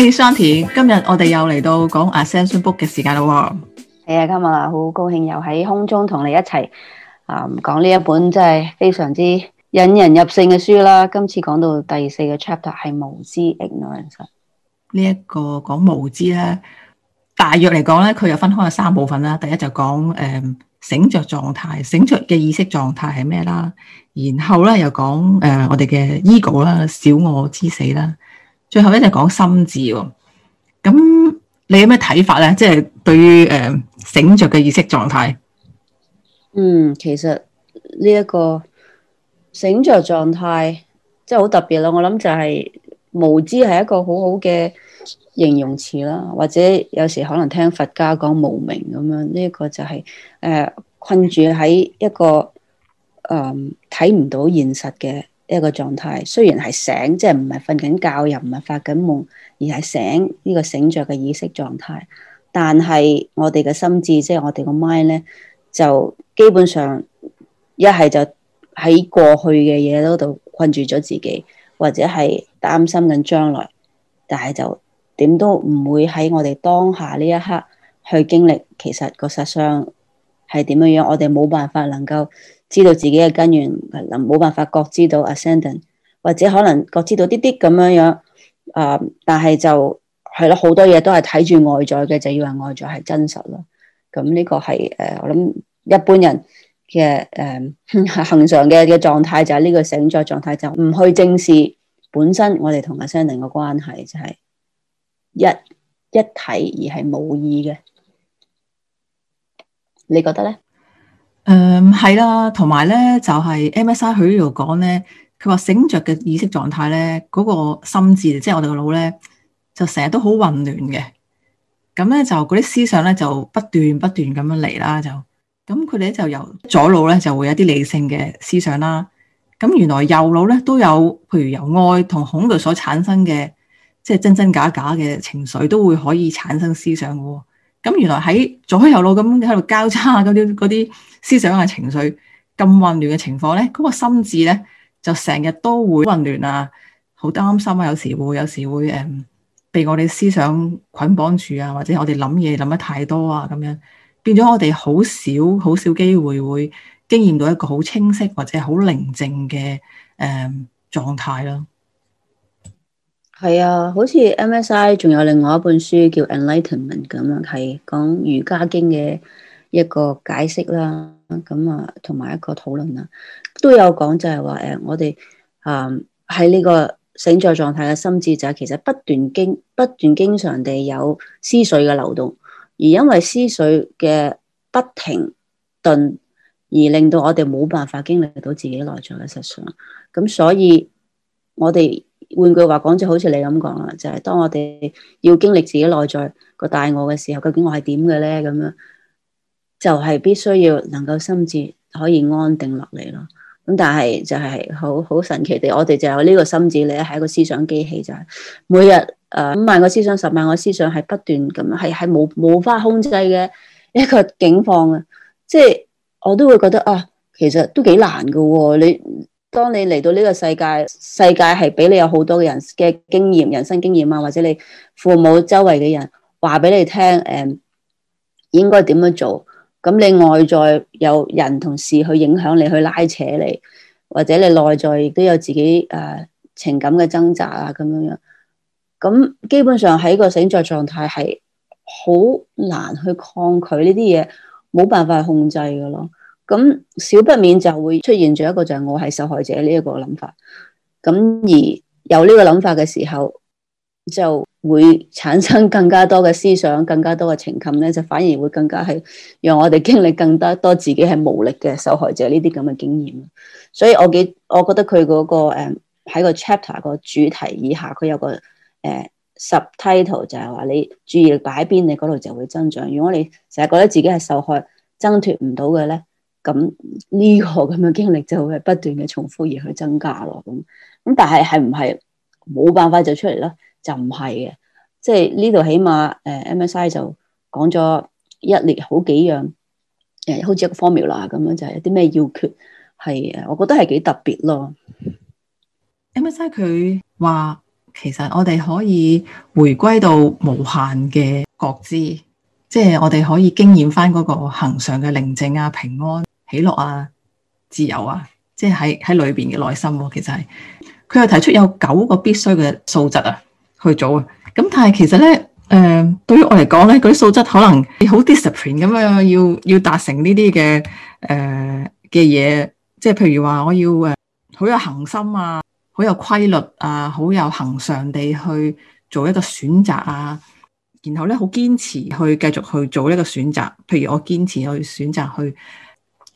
Hi，Santi，、hey、今日我哋又嚟到講《Ascension Book》嘅時間啦。係啊，今日好高興又喺空中同你一齊啊講呢一本真係非常之引人入勝嘅書啦。今次講到第四個 chapter 係無知 ignorance。呢一個講無知咧，大約嚟講咧，佢又分開咗三部分啦。第一就講誒醒着狀態，醒着嘅意識狀態係咩啦？然後咧又講誒、呃、我哋嘅 ego 啦，小我之死啦。最後一定講心智喎，咁你有咩睇法咧？即係對於誒、呃、醒着嘅意識狀態，嗯，其實呢、就是就是、一個醒着狀態，即係好特別咯。我諗就係無知係一個好好嘅形容詞啦，或者有時可能聽佛家講無明」咁、這、樣、個就是，呢、呃、一個就係誒困住喺一個誒睇唔到現實嘅。一個狀態，雖然係醒，即係唔係瞓緊覺，又唔係發緊夢，而係醒呢、這個醒着嘅意識狀態。但係我哋嘅心智，即係我哋個 mind 咧，就基本上一係就喺過去嘅嘢度困住咗自己，或者係擔心緊將來，但係就點都唔會喺我哋當下呢一刻去經歷，其實個實相係點樣樣，我哋冇辦法能夠。知道自己嘅根源，係冇辦法覺知到 Ascendant 或者可能覺知到啲啲咁樣樣，啊、嗯，但係就係咯，好多嘢都係睇住外在嘅，就以為外在係真實咯。咁呢個係誒，我諗一般人嘅誒恆常嘅嘅狀態就係、是、呢個醒咗狀態，就唔、是、去正視本身我哋同 Ascendant 嘅關係，就係、是、一一體而係冇意嘅。你覺得咧？誒，係啦、嗯，同埋咧就係 M.S.I. 佢呢度講咧，佢話醒着嘅意識狀態咧，嗰、那個心智即係我哋個腦咧，就成、是、日都好混亂嘅。咁咧就嗰啲思想咧就不斷不斷咁樣嚟啦，就咁佢哋咧就由左腦咧就會有啲理性嘅思想啦。咁原來右腦咧都有，譬如由愛同恐懼所產生嘅，即、就、係、是、真真假假嘅情緒都會可以產生思想嘅、哦。咁原來喺左右腦咁喺度交叉嗰啲啲思想啊、情緒咁混亂嘅情況咧，嗰個心智咧就成日都會混亂啊，好擔心啊，有時會有時會誒被我哋思想捆綁住啊，或者我哋諗嘢諗得太多啊咁樣，變咗我哋好少好少機會會經驗到一個好清晰或者好寧靜嘅誒狀態咯。嗯係啊，好似 M.S.I 仲有另外一本書叫《Enlightenment》咁樣，係講《瑜伽經》嘅一個解釋啦，咁啊同埋一個討論啦，都有講就係話誒，我哋啊喺呢個醒在狀態嘅心智就係、是、其實不斷經不斷經常地有思緒嘅流動，而因為思緒嘅不停頓，而令到我哋冇辦法經歷到自己內在嘅實相，咁所以我哋。換句話講，就好似你咁講啦，就係、是、當我哋要經歷自己內在個大我嘅時候，究竟我係點嘅咧？咁樣就係、是、必須要能夠心智可以安定落嚟咯。咁但係就係好好神奇地，我哋就有呢個心智咧，係一個思想機器，就係、是、每日誒、呃、五萬個思想、十萬個思想，係不斷咁樣係係冇冇法控制嘅一個境況啊！即、就、係、是、我都會覺得啊，其實都幾難㗎喎、哦，你。當你嚟到呢個世界，世界係俾你有好多嘅人嘅經驗、人生經驗啊，或者你父母周圍嘅人話俾你聽，誒、嗯，應該點樣做？咁你外在有人同事去影響你，去拉扯你，或者你內在亦都有自己誒、呃、情感嘅掙扎啊，咁樣樣。咁基本上喺個醒着狀態係好難去抗拒呢啲嘢，冇辦法去控制㗎咯。咁少不免就會出現咗一個就係我係受害者呢一個諗法。咁而有呢個諗法嘅時候，就會產生更加多嘅思想、更加多嘅情感，咧，就反而會更加係讓我哋經歷更加多自己係無力嘅受害者呢啲咁嘅經驗。所以我幾，我覺得佢嗰個誒喺個 chapter 個主題以下，佢有個誒、呃、subtitle 就係話你注意力擺喺邊，你嗰度就會增長。如果你成日覺得自己係受害，掙脱唔到嘅咧。咁呢個咁嘅經歷就會係不斷嘅重複而去增加咯，咁咁但係係唔係冇辦法就出嚟咧？就唔係嘅，即係呢度起碼誒，MSI 就講咗一列好幾樣，誒，好似一個 formula 咁樣，就係、是、有啲咩要訣係誒，我覺得係幾特別咯。MSI 佢話其實我哋可以回歸到無限嘅覺知，即、就、係、是、我哋可以經驗翻嗰個恆常嘅寧靜啊、平安。喜樂啊，自由啊，即係喺喺裏邊嘅內心啊。其實係，佢又提出有九個必須嘅素質啊，去做啊。咁但係其實咧，誒、呃，對於我嚟講咧，嗰啲素質可能你好 discipline 咁啊，要要達成呢啲嘅誒嘅嘢，即係譬如話我要誒好有恒心啊，好有規律啊，好有恒常地去做一個選擇啊，然後咧好堅持去繼續去做一個選擇。譬如我堅持我選擇去選擇去。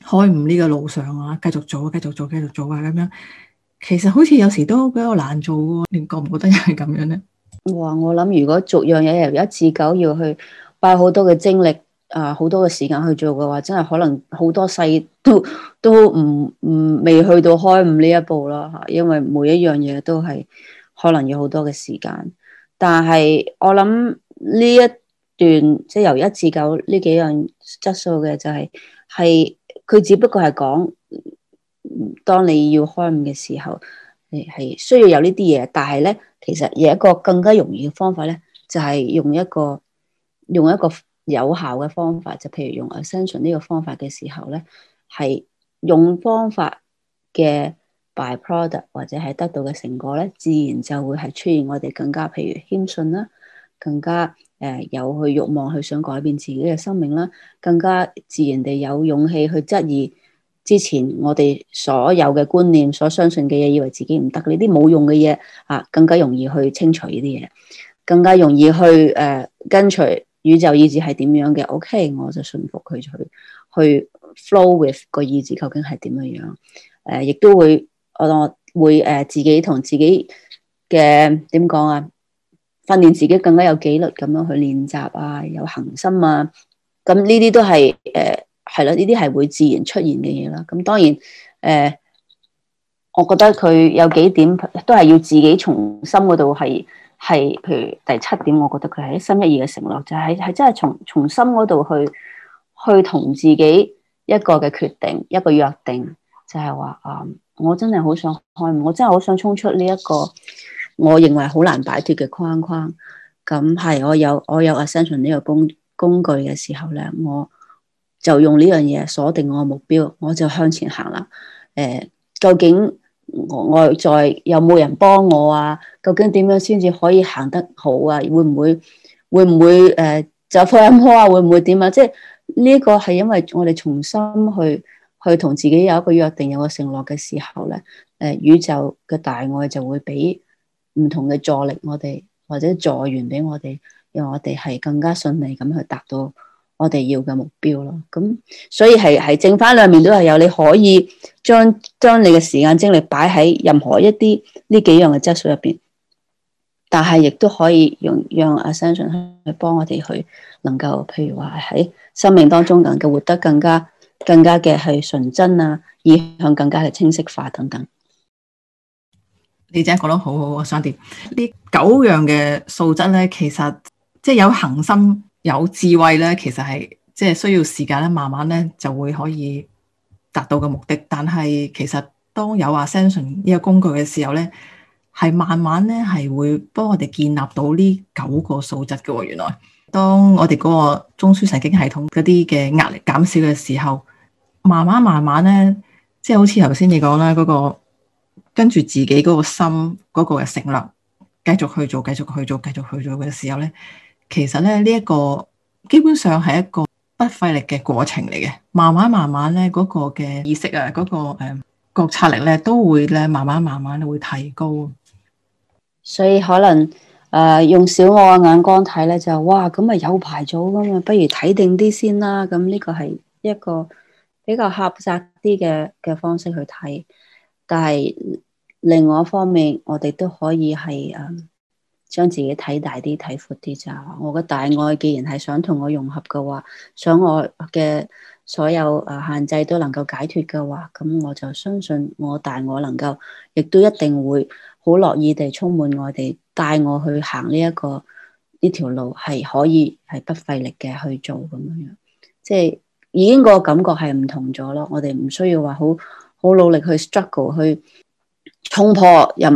開悟呢個路上啊，繼續做，繼續做，繼續做啊，咁樣其實好似有時都比較難做喎。你覺唔覺得係咁樣呢？哇！我諗如果逐樣嘢由一至九要去花好多嘅精力啊，好多嘅時間去做嘅話，真係可能好多世都都唔唔未去到開悟呢一步咯吓。因為每一樣嘢都係可能要好多嘅時間，但係我諗呢一段即係、就係、由一至九呢幾樣質素嘅就係、係、係。佢只不過係講，當你要開悟嘅時候，係係需要有呢啲嘢。但係咧，其實有一個更加容易嘅方法咧，就係、是、用一個用一個有效嘅方法，就是、譬如用 Ascension 呢個方法嘅時候咧，係用方法嘅 by product 或者係得到嘅成果咧，自然就會係出現我哋更加譬如謙遜啦，更加。誒，有、呃、去欲望去想改變自己嘅生命啦，更加自然地有勇氣去質疑之前我哋所有嘅觀念、所相信嘅嘢，以為自己唔得呢啲冇用嘅嘢啊，更加容易去清除呢啲嘢，更加容易去誒、呃、跟隨宇宙意志係點樣嘅。O、OK, K，我就信服佢去去 flow with 個意志，究竟係點樣樣？誒、呃，亦都會我會誒、呃、自己同自己嘅點講啊？訓練自己更加有紀律咁樣去練習啊，有恒心啊，咁呢啲都係誒係啦，呢啲係會自然出現嘅嘢啦。咁當然誒、呃，我覺得佢有幾點都係要自己從心嗰度係係，譬如第七點，我覺得佢係一心一意嘅承諾，就係、是、係真係從從心嗰度去去同自己一個嘅決定，一個約定，就係、是、話啊，我真係好想開，我真係好想衝出呢、這、一個。我認為好難擺脫嘅框框，咁係我有我有 ascension 呢個工工具嘅時候咧，我就用呢樣嘢鎖定我嘅目標，我就向前行啦。誒、欸，究竟我外在有冇人幫我啊？究竟點樣先至可以行得好啊？會唔會會唔會誒就放音波啊？會唔會點啊？即係呢個係因為我哋重新去去同自己有一個約定，有個承諾嘅時候咧，誒、呃、宇宙嘅大愛就會俾。唔同嘅助力我，我哋或者助緣俾我哋，讓我哋係更加順利咁去達到我哋要嘅目標咯。咁所以係係正反兩面都係有，你可以將將你嘅時間精力擺喺任何一啲呢幾樣嘅質素入邊，但係亦都可以用讓 Ascension 去幫我哋去能夠，譬如話喺生命當中能夠活得更加更加嘅係純真啊，意向更加嘅清晰化等等。你真係講得好好啊！我想點呢九樣嘅素質呢，其實即係有恆心、有智慧呢，其實係即係需要時間咧，慢慢咧就會可以達到嘅目的。但係其實當有 Ascension 呢個工具嘅時候呢，係慢慢呢係會幫我哋建立到呢九個素質嘅，哦。原來當我哋嗰個中樞神經系統嗰啲嘅壓力減少嘅時候，慢慢慢慢呢，即係好似頭先你講啦嗰個。跟住自己嗰個心嗰、那個嘅承諾，繼續去做，繼續去做，繼續去做嘅時候咧，其實咧呢一、這個基本上係一個不費力嘅過程嚟嘅，慢慢慢慢咧嗰、那個嘅意識啊，嗰、那個誒覺察力咧都會咧慢慢慢慢會提高。所以可能誒、呃、用小我嘅眼光睇咧就哇咁啊有排做噶嘛，不如睇定啲先啦。咁呢個係一個比較狹窄啲嘅嘅方式去睇，但係。另外一方面，我哋都可以係誒、嗯、將自己睇大啲、睇闊啲咋。我個大愛既然係想同我融合嘅話，想我嘅所有誒限制都能夠解脫嘅話，咁我就相信我大我能夠，亦都一定會好樂意地充滿我哋帶我去行呢、這、一個呢條、這個、路，係可以係不費力嘅去做咁樣。即係已經個感覺係唔同咗咯。我哋唔需要話好好努力去 struggle 去。衝破又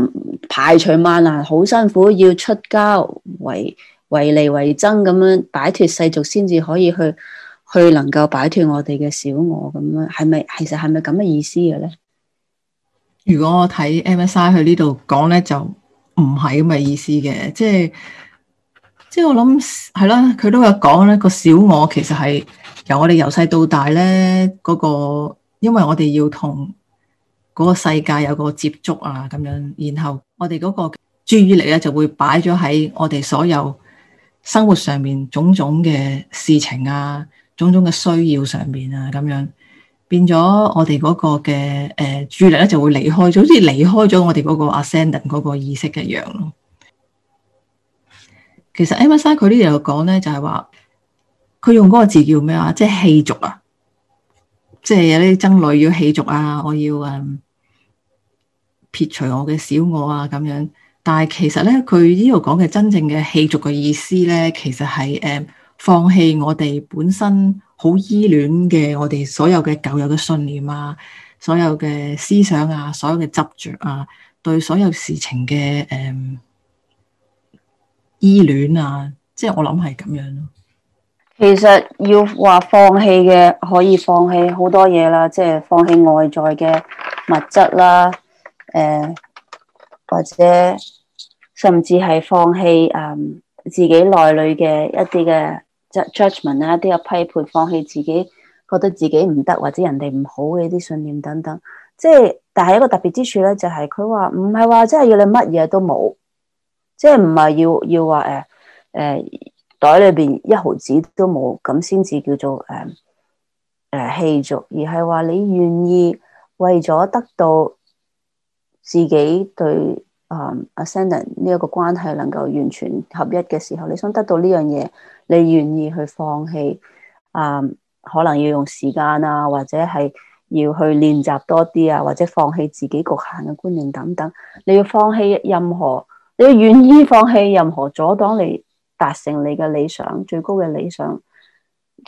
排除萬難，好辛苦，要出家為為利為爭咁樣擺脫世俗，先至可以去去能夠擺脫我哋嘅小我咁樣，係咪？其實係咪咁嘅意思嘅咧？如果我睇 MSI 去呢度講咧，就唔係咁嘅意思嘅，即係即係我諗係啦，佢都有講咧個小我其實係由我哋由細到大咧嗰個，因為我哋要同。嗰個世界有個接觸啊，咁樣，然後我哋嗰個注意力咧就會擺咗喺我哋所有生活上面種種嘅事情啊，種種嘅需要上面啊，咁樣變咗我哋嗰個嘅誒注意力咧就會離開咗，好似離開咗我哋嗰個 Ascendant 嗰個意識一樣咯。其實 Emma Sir 佢呢度講咧就係話，佢用嗰個字叫咩啊？即係氣足啊，即係有啲爭女要氣足啊，我要誒。撇除我嘅小我啊，咁樣，但係其實咧，佢呢度講嘅真正嘅棄俗嘅意思咧，其實係誒放棄我哋本身好依戀嘅我哋所有嘅舊有嘅信念啊，所有嘅思想啊，所有嘅執着啊，對所有事情嘅誒、嗯、依戀啊，即係我諗係咁樣咯。其實要話放棄嘅，可以放棄好多嘢啦，即係放棄外在嘅物質啦。誒、呃，或者甚至係放棄誒、嗯、自己內裏嘅一啲嘅 judgement 啊，一啲嘅批判，放棄自己覺得自己唔得或者人哋唔好嘅一啲信念等等。即係，但係一個特別之處咧，就係佢話唔係話真係要你乜嘢都冇，即係唔係要要話誒誒袋裏邊一毫子都冇咁先至叫做誒誒棄俗，而係話你願意為咗得到。自己對啊、um, Ascendant 呢一個關係能夠完全合一嘅時候，你想得到呢樣嘢，你願意去放棄啊、嗯，可能要用時間啊，或者係要去練習多啲啊，或者放棄自己局限嘅觀念等等，你要放棄任何，你要願意放棄任何阻擋你達成你嘅理想、最高嘅理想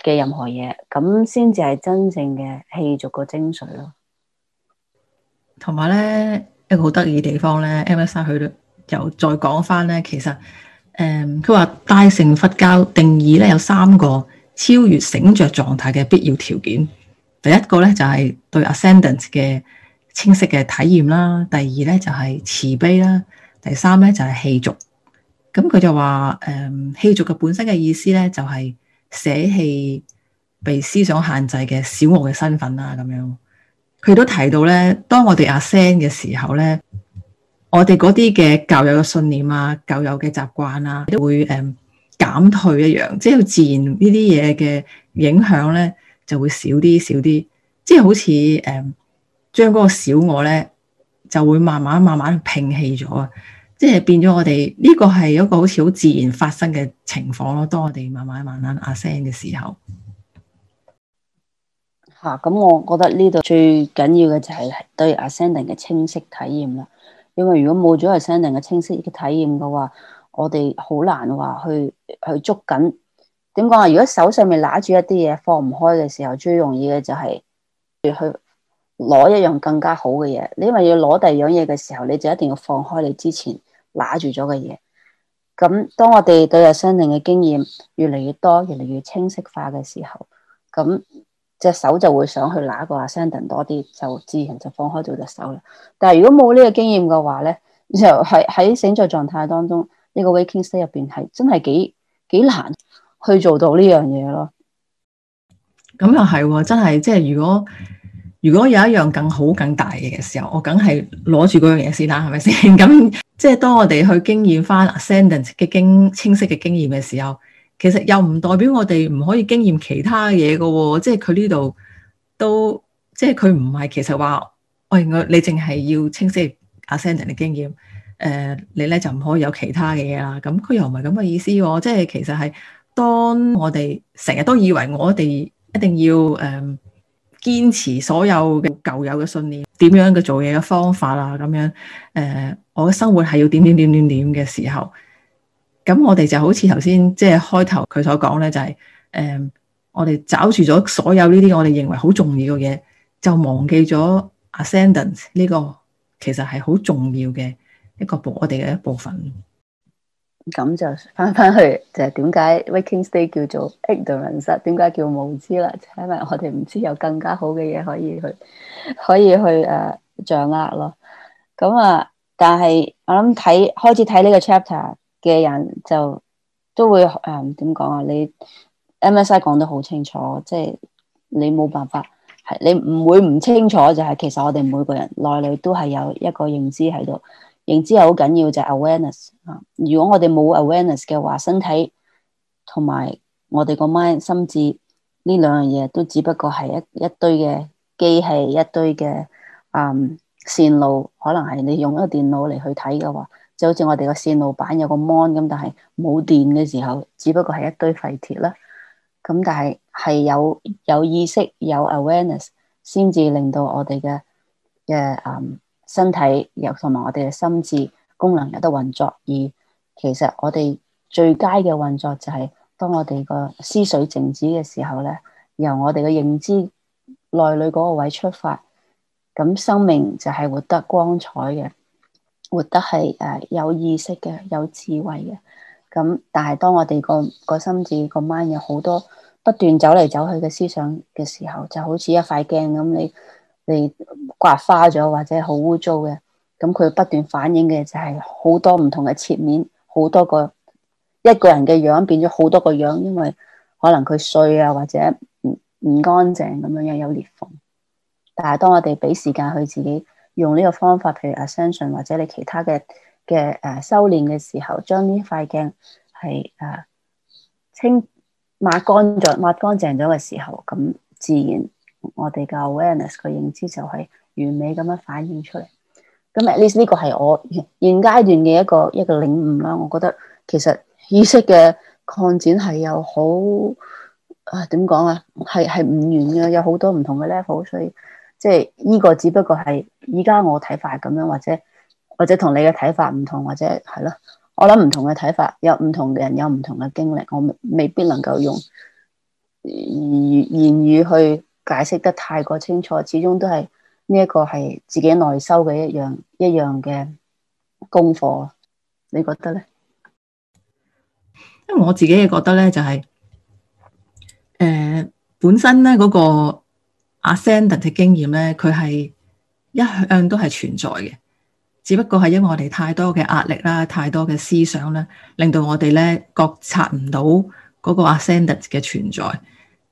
嘅任何嘢，咁先至係真正嘅氣族個精髓咯。同埋咧。一個好得意嘅地方咧，M S I 去到又再講翻咧，其實誒，佢話大乘佛教定義咧有三個超越醒着狀態嘅必要條件。第一個咧就係、是、對 ascendence 嘅清晰嘅體驗啦，第二咧就係、是、慈悲啦，第三咧就係棄俗。咁佢就話誒，棄俗嘅本身嘅意思咧就係捨棄被思想限制嘅小我嘅身份啦，咁樣。佢都提到咧，當我哋阿升嘅時候咧，我哋嗰啲嘅舊有嘅信念啊、舊有嘅習慣啊，都會誒、um, 減退一樣，即係自然呢啲嘢嘅影響咧就會少啲少啲，即係好似誒、um, 將嗰個小我咧就會慢慢慢慢摒棄咗啊，即係變咗我哋呢、這個係一個好似好自然發生嘅情況咯。當我哋慢慢慢慢阿升嘅時候。嚇！咁、啊、我覺得呢度最緊要嘅就係對 ascending 嘅清晰體驗啦。因為如果冇咗 ascending 嘅清晰嘅體驗嘅話，我哋好難話去去捉緊點講啊。如果手上面揦住一啲嘢放唔開嘅時候，最容易嘅就係去攞一樣更加好嘅嘢。你因為要攞第二樣嘢嘅時候，你就一定要放開你之前揦住咗嘅嘢。咁當我哋對 ascending 嘅經驗越嚟越多，越嚟越清晰化嘅時候，咁。隻手就會想去拿一個 ascending 多啲，就自然就放開咗隻手啦。但係如果冇呢個經驗嘅話咧，就係喺醒著狀態當中，呢個 waking state 入邊係真係幾幾難去做到呢樣嘢咯。咁又係喎，真係即係如果如果有一樣更好更大嘅嘅時候，我梗係攞住嗰樣嘢先啦，係咪先？咁即係當我哋去經驗翻 ascending 嘅經清晰嘅經驗嘅時候。其實又唔代表我哋唔可以經驗其他嘢嘅喎，即係佢呢度都即係佢唔係其實話喂、哎、我你淨係要清晰 ascending 嘅經驗，誒、呃、你咧就唔可以有其他嘅嘢啦。咁佢又唔係咁嘅意思喎、哦，即係其實係當我哋成日都以為我哋一定要誒堅、呃、持所有嘅舊有嘅信念、點樣嘅做嘢嘅方法啦，咁樣誒、呃、我嘅生活係要點點點點點嘅時候。咁我哋就好似頭先即係開頭佢所講咧、就是，就係誒，我哋找住咗所有呢啲我哋認為好重要嘅嘢，就忘記咗 ascendence 呢個其實係好重要嘅一個部我哋嘅一部分。咁就翻翻去就係、是、點解 Waking State 叫做 ignorance？點解叫無知啦？就是、因為我哋唔知有更加好嘅嘢可以去可以去誒、uh, 掌握咯。咁啊，但係我諗睇開始睇呢個 chapter。嘅人就都會誒點講啊？你 MSI 講得好清楚，即係你冇辦法係你唔會唔清楚，就係、是就是、其實我哋每個人內裏都係有一個認知喺度，認知好緊要就係、是、awareness 啊！如果我哋冇 awareness 嘅話，身體同埋我哋個 mind 心智呢兩樣嘢都只不過係一一堆嘅機器一堆嘅誒、嗯、線路，可能係你用一個電腦嚟去睇嘅話。就好似我哋個線路板有個 mon 咁，但係冇電嘅時候，只不過係一堆廢鐵啦。咁但係係有有意識有 awareness，先至令到我哋嘅嘅身體有同埋我哋嘅心智功能有得運作。而其實我哋最佳嘅運作就係當我哋個思緒靜止嘅時候呢，由我哋嘅認知內裏嗰個位出發，咁生命就係活得光彩嘅。活得係誒有意識嘅，有智慧嘅。咁但係當我哋個個心智個 mind 有好多不斷走嚟走去嘅思想嘅時候，就好似一塊鏡咁，你你刮花咗或者好污糟嘅，咁佢不斷反映嘅就係好多唔同嘅切面，好多個一個人嘅樣變咗好多個樣，因為可能佢碎啊或者唔唔乾淨咁樣樣有裂縫。但係當我哋俾時間去自己。用呢個方法，譬如 ascension 或者你其他嘅嘅誒修練嘅時候，將呢塊鏡係誒、呃、清抹乾咗、抹乾淨咗嘅時候，咁自然我哋嘅 awareness 嘅認知就係完美咁樣反映出嚟。咁 at least 呢個係我現階段嘅一個一個領悟啦。我覺得其實意識嘅擴展係有好啊，點講啊，係係唔完嘅，有好多唔同嘅 level，所以。即係呢個只不過係依家我睇法係咁樣，或者或者同你嘅睇法唔同，或者係咯，我諗唔同嘅睇法，有唔同嘅人有唔同嘅經歷，我未必能夠用言言語去解釋得太過清楚，始終都係呢一個係自己內修嘅一樣一樣嘅功課，你覺得咧？因為我自己嘅覺得咧、就是，就係誒本身咧、那、嗰個。Ascendant 嘅經驗咧，佢係一向都係存在嘅，只不過係因為我哋太多嘅壓力啦，太多嘅思想啦，令到我哋咧覺察唔到嗰個 Ascendant 嘅存在。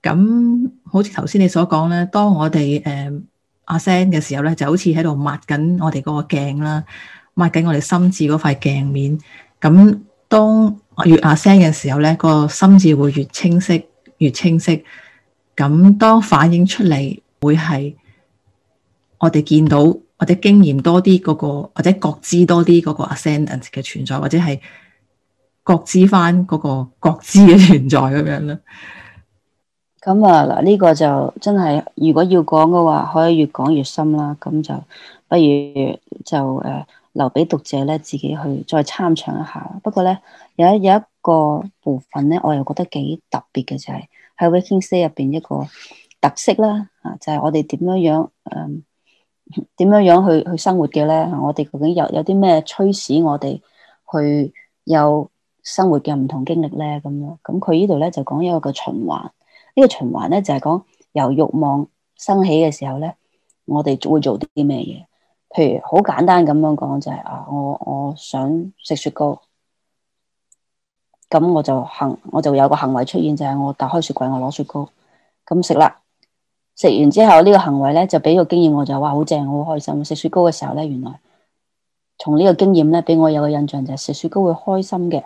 咁好似頭先你所講咧，當我哋誒、uh, Ascend 嘅時候咧，就好似喺度抹緊我哋嗰個鏡啦，抹緊我哋心智嗰塊鏡面。咁當越 Ascend 嘅時候咧，個心智會越清晰，越清晰。咁當反映出嚟，會係我哋見到或者經驗多啲嗰個，或者覺知多啲嗰個 ascendant 嘅存在，或者係覺知翻嗰個覺知嘅存在咁樣啦。咁啊嗱，呢個就真係如果要講嘅話，可以越講越深啦。咁就不如就誒留俾讀者咧自己去再參詳一下。不過咧有有一個部分咧，我又覺得幾特別嘅就係。喺 WakingShare 入邊一個特色啦，啊，就係、是、我哋點樣樣，嗯，點樣樣去去生活嘅咧？我哋究竟有有啲咩驅使我哋去有生活嘅唔同經歷咧？咁樣，咁佢呢度咧就講一個循環，呢、這個循環咧就係、是、講由欲望生起嘅時候咧，我哋會做啲咩嘢？譬如好簡單咁樣講就係、是、啊，我我想食雪糕。咁我就行，我就有個行為出現，就係我打開雪櫃，我攞雪糕，咁食啦。食完之後呢個行為咧就俾個經驗，我就哇，好正，我好開心。食雪糕嘅時候咧，原來從呢個經驗咧俾我有個印象就係食雪糕會開心嘅。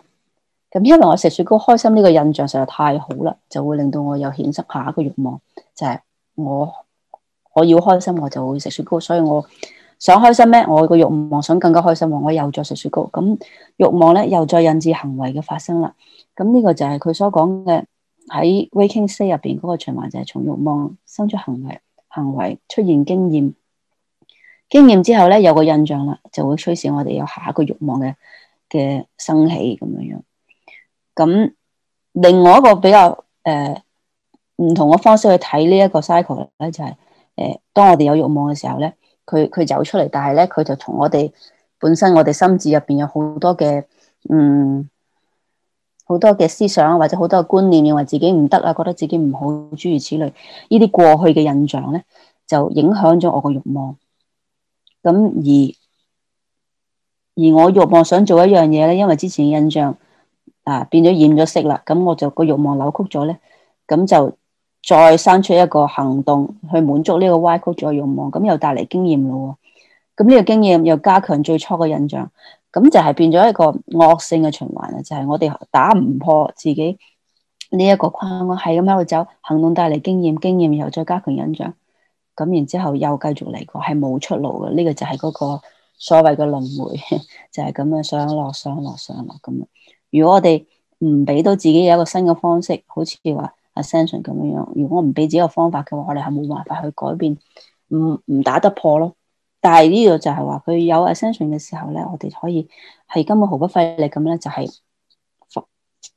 咁因為我食雪糕開心呢個印象實在太好啦，就會令到我有顯失下一個欲望，就係我我要開心，我就會食雪糕，所以我。想開心咩？我個欲望想更加開心喎，我又再食雪糕。咁欲望咧又再引致行為嘅發生啦。咁呢個就係佢所講嘅喺 Waking State 入邊、那、嗰個循環，就係從欲望生出行為，行為出現經驗，經驗之後咧有個印象啦，就會促使我哋有下一個欲望嘅嘅生起咁樣樣。咁另外一個比較誒唔、呃、同嘅方式去睇呢一個 cycle 咧，就係、是、誒、呃、當我哋有欲望嘅時候咧。佢佢走出嚟，但係咧，佢就同我哋本身，我哋心智入邊有好多嘅，嗯，好多嘅思想或者好多嘅觀念，認為自己唔得啊，覺得自己唔好，諸如此類。呢啲過去嘅印象咧，就影響咗我嘅欲望。咁而而我欲望想做一樣嘢咧，因為之前嘅印象啊變咗染咗色啦，咁我就、個欲望扭曲咗咧，咁就。再生出一個行動去滿足呢個歪曲慾望，咁又帶嚟經驗咯喎，咁呢個經驗又加強最初嘅印象，咁就係變咗一個惡性嘅循環啦，就係、是、我哋打唔破自己呢一個框，我係咁喺度走，行動帶嚟經驗，經驗又再加強印象，咁然之後又繼續嚟過，係冇出路嘅，呢、這個就係嗰個所謂嘅輪迴，就係、是、咁樣上落上落上落咁啊！如果我哋唔俾到自己有一個新嘅方式，好似話。Ascension 咁樣樣，如果我唔俾自己個方法嘅話，我哋係冇辦法去改變，唔唔打得破咯。但係呢個就係話佢有 Ascension 嘅時候咧，我哋可以係根本毫不費力咁咧、就是，就係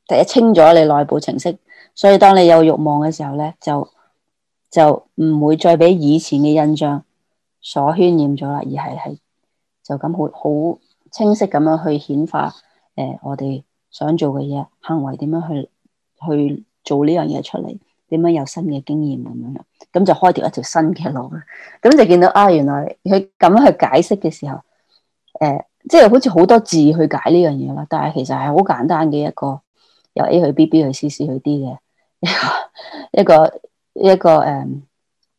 第一清咗你內部程式。所以當你有欲望嘅時候咧，就就唔會再俾以前嘅印象所渲染咗啦，而係係就咁好好清晰咁樣去顯化誒、呃，我哋想做嘅嘢，行為點樣去去。做呢樣嘢出嚟，點樣有新嘅經驗咁樣啦？咁就開條一條新嘅路，咁就見到啊！原來佢咁樣去解釋嘅時候，誒、呃，即係好似好多字去解呢樣嘢啦。但係其實係好簡單嘅一個，由 A 去 B，B 去 C，C 去 D 嘅一個一個一個誒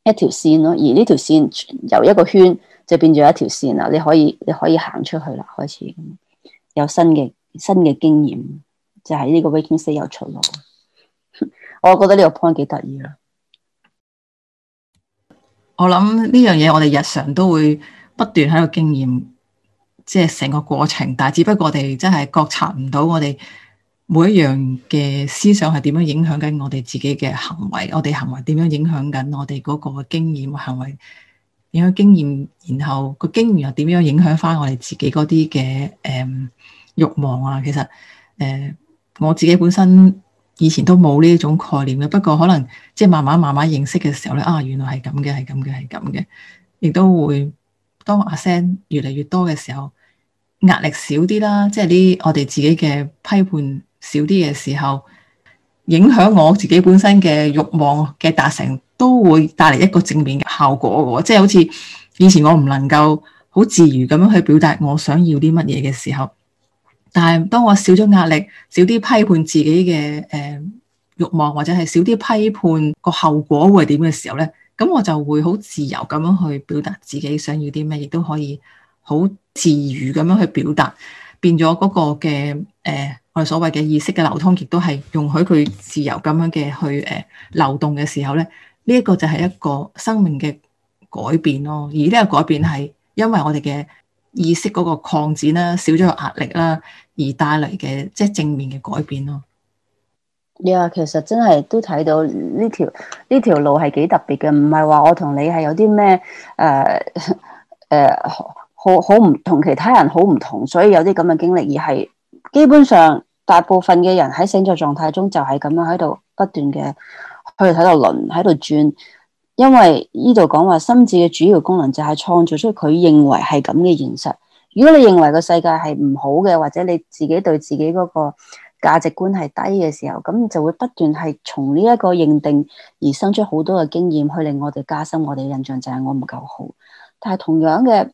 一條線咯。而呢條線由一個圈就變咗一條線啦。你可以你可以行出去啦，開始有新嘅新嘅經驗，就喺、是、呢個 Waking State 有出路。我覺得呢個 point 幾得意啦。我諗呢樣嘢，我哋日常都會不斷喺度經驗，即係成個過程。但係只不過我哋真係覺察唔到，我哋每一樣嘅思想係點樣影響緊我哋自己嘅行為。我哋行為點樣影響緊我哋嗰個經驗行為？影響經驗，然後個經驗又點樣影響翻我哋自己嗰啲嘅誒欲望啊其實誒、呃，我自己本身。以前都冇呢一種概念嘅，不過可能即係慢慢慢慢認識嘅時候咧，啊，原來係咁嘅，係咁嘅，係咁嘅，亦都會當阿 s e 越嚟越多嘅時候，壓力少啲啦，即係呢，我哋自己嘅批判少啲嘅時候，影響我自己本身嘅慾望嘅達成，都會帶嚟一個正面嘅效果嘅，即、就、係、是、好似以前我唔能夠好自如咁樣去表達我想要啲乜嘢嘅時候。但係當我少咗壓力，少啲批判自己嘅誒慾望，或者係少啲批判個後果會係點嘅時候咧，咁我就會好自由咁樣去表達自己想要啲咩，亦都可以好自如咁樣去表達，變咗嗰個嘅誒、呃、我哋所謂嘅意識嘅流通，亦都係容許佢自由咁樣嘅去誒、呃、流動嘅時候咧，呢、這、一個就係一個生命嘅改變咯。而呢個改變係因為我哋嘅意識嗰個擴展啦，少咗個壓力啦。而帶嚟嘅即係正面嘅改變咯。呀，yeah，其實真係都睇到呢條呢條路係幾特別嘅，唔係話我同你係有啲咩誒誒好好唔同其他人好唔同，所以有啲咁嘅經歷，而係基本上大部分嘅人喺醒著狀態中就係咁樣喺度不斷嘅去喺度輪喺度轉，因為呢度講話心智嘅主要功能就係創造出佢認為係咁嘅現實。如果你認為個世界係唔好嘅，或者你自己對自己嗰個價值觀係低嘅時候，咁就會不斷係從呢一個認定而生出好多嘅經驗，去令我哋加深我哋嘅印象，就係我唔夠好。但係同樣嘅，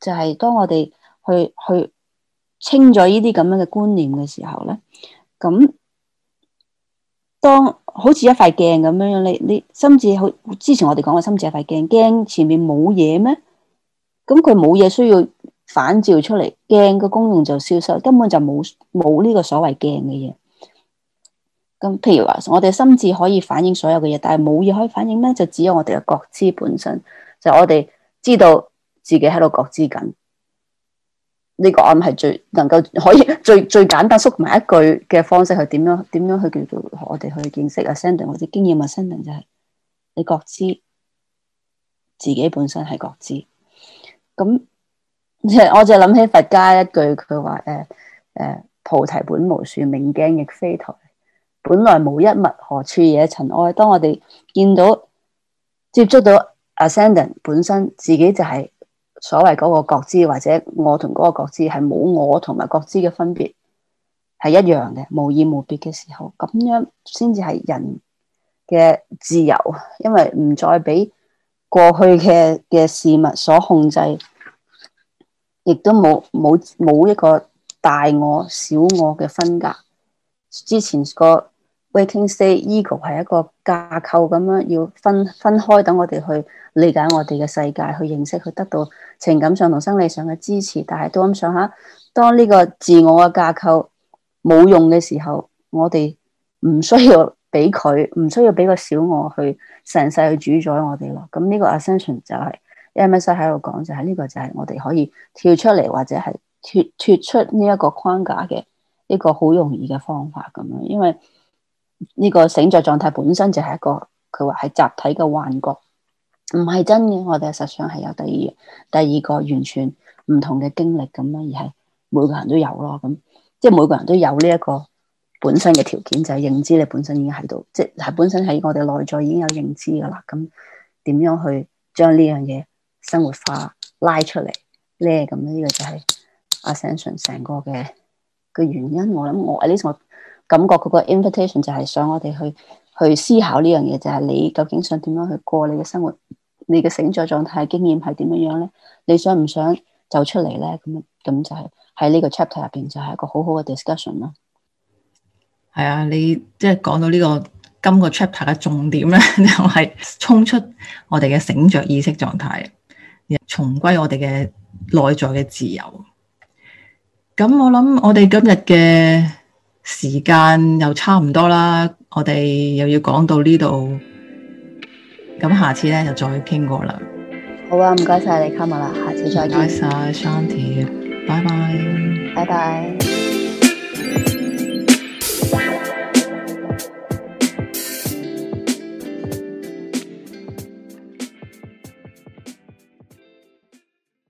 就係、是、當我哋去去清咗呢啲咁樣嘅觀念嘅時候咧，咁當好似一塊鏡咁樣樣，你你心智好，之前我哋講嘅心智一塊鏡，鏡前面冇嘢咩？咁佢冇嘢需要。反照出嚟，鏡嘅功用就消失，根本就冇冇呢個所謂鏡嘅嘢。咁譬如話，我哋心智可以反映所有嘅嘢，但係冇嘢可以反映咩？就只有我哋嘅覺知本身。就我哋知道自己喺度覺知緊。呢、這個案係最能夠可以最最簡單縮埋一句嘅方式係點樣點樣去叫做我哋去認識 ascending 或者經驗 ascending 就係、是、你覺知自己本身係覺知。咁我就諗起佛家一句，佢話誒誒菩提本無樹，明鏡亦非台，本來無一物，何處惹塵埃？當我哋見到接觸到 Ascendant 本身，自己就係所謂嗰個覺知，或者我同嗰個覺知係冇我同埋覺知嘅分別，係一樣嘅，無異無別嘅時候，咁樣先至係人嘅自由，因為唔再俾過去嘅嘅事物所控制。亦都冇冇冇一個大我小我嘅分隔。之前個 waking state ego 係一個架構咁樣要分分開，等我哋去理解我哋嘅世界，去認識，去得到情感上同生理上嘅支持。但係都咁想下，當呢個自我嘅架構冇用嘅時候，我哋唔需要俾佢，唔需要俾個小我去成世去主宰我哋咯。咁呢個 ascension 就係、是。MSI 喺度講就係呢個就係我哋可以跳出嚟，或者係脱脫出呢一個框架嘅一個好容易嘅方法咁樣，因為呢個醒著狀態本身就係一個佢話係集體嘅幻覺，唔係真嘅。我哋實際上係有第二第二個完全唔同嘅經歷咁樣，而係每個人都有咯。咁即係每個人都有呢一個本身嘅條件，就係認知你本身已經喺度，即係本身喺我哋內在已經有認知噶啦。咁點樣去將呢樣嘢？生活化拉出嚟咧，咁呢個就係阿 Ascension 成個嘅嘅原因。我諗我呢，我感覺佢個 invitation 就係想我哋去去思考呢樣嘢，就係、是、你究竟想點樣去過你嘅生活，你嘅醒着狀態經驗係點樣樣咧？你想唔想走出嚟咧？咁咁就係喺呢個 chapter 入邊就係一個好好嘅 discussion 啦。係啊，你即係講到呢、這個今、這個 chapter 嘅重點咧，就係衝出我哋嘅醒着意識狀態。重歸我哋嘅內在嘅自由，咁我諗我哋今日嘅時間又差唔多啦，我哋又要講到呢度，咁下次咧就再傾過啦。好啊，唔該晒你 come 啦，下次再見。唔該晒，Shanti，拜拜，拜拜。拜拜。